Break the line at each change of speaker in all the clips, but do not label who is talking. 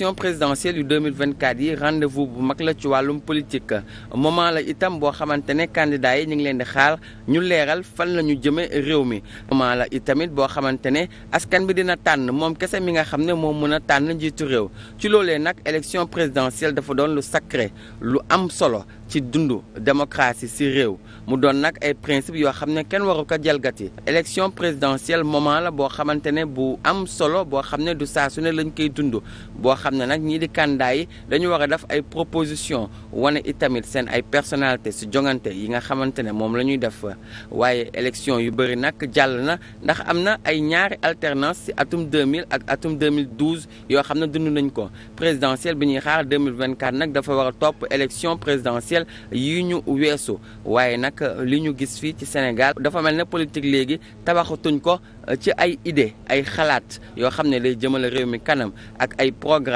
élection présidentielle yu 2024 yi rendez-vous bu mag la ci wàllum politique moment la itam boo xamante ne candidats yi ñu ngi leen di xaar ñu leeral fan la ñu jëme réew mi moment la itamit boo xamante ne askan bi dina tànn moom kese mi nga xam ne moom mën a tànn njiitu réew ci loolee nag élection présidentielle dafa doon lu sacré lu am solo ci dund démocratie si réew mu doon nag ay principe yoo xam ne kenn waru ko jalgati élection présidentielle moment la boo xamante ne bu am solo boo xam ne du saa su ne lañ koy dund xam ne nag ñii di kandaay yi dañu war a def ay proposition wane itamit seen ay personnalité si jongante yi nga xamante ne moom la ñuy def waaye élection yu bëri nag jàll na ndax am na ay ñaari alternance si atum 2000 ak atum 2012 yoo xam ne dund nañ ko présidentielle bi ñuy xaar 2024 nag dafa war a topp élection présidentielle yi ñu weesu waaye nag li ñu gis fii ci Sénégal dafa mel ne politique léegi tabaxatuñ ko ci ay idée ay xalaat yoo xam ne day jëmale réew mi kanam ak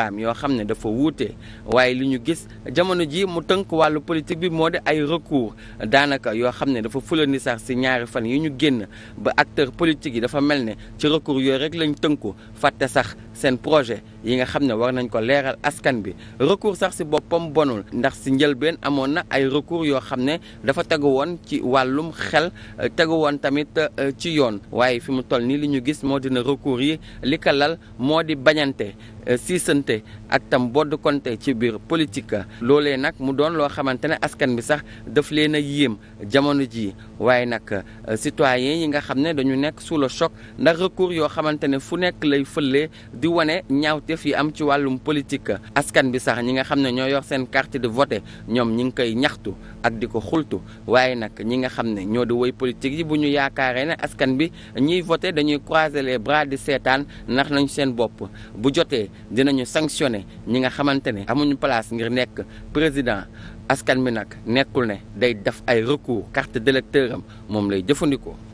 programme yoo xam ne dafa wuute waaye li ñu gis jamono ji mu tënk wàllu politique bi moo di ay recours daanaka yoo xam ne dafa fule fulani sax si ñaari fan yi ñu génn ba acteur politique yi dafa mel ne ci recours yooyu rek lañu tënku fàtte sax seen projet yi nga xam ne war nañ ko leeral askan bi recours sax si boppam bonul ndax si njëlbeen amoon na ay recours yoo xam ne dafa tegu woon ci wàllum xel tegu woon tamit euh, ci yoon waaye fi mu toll nii li ñu gis moo yi di euh, jëflante ak tam bodd konte ci biir politique loole nag mu doon loo xamante ne askan bi sax daf leen a yéem jamono jii waaye nag euh, citoyen yi nga xam ne dañu nekk sous le choc ndax recours yoo xamante ne fu nekk lay fëlee di wane ñaawteef yi am ci wàllum politique askan bi sax ñi nga xam ne ñoo yor seen carte de vote ñoom ñi ngi koy ñaxtu ak di ko xultu waaye nag ñi nga xam ne ñoo di woy politique yi bu ñu yaakaaree ne askan bi ñiy voté dañuy croiser les bras di seetaan ndax nañu seen bopp sanctionné ñi nga xamante ne amuñu place ngir nekk président askan mi nag nekkul ne day def ay recours carte d'électeur am moom lay jëfandikoo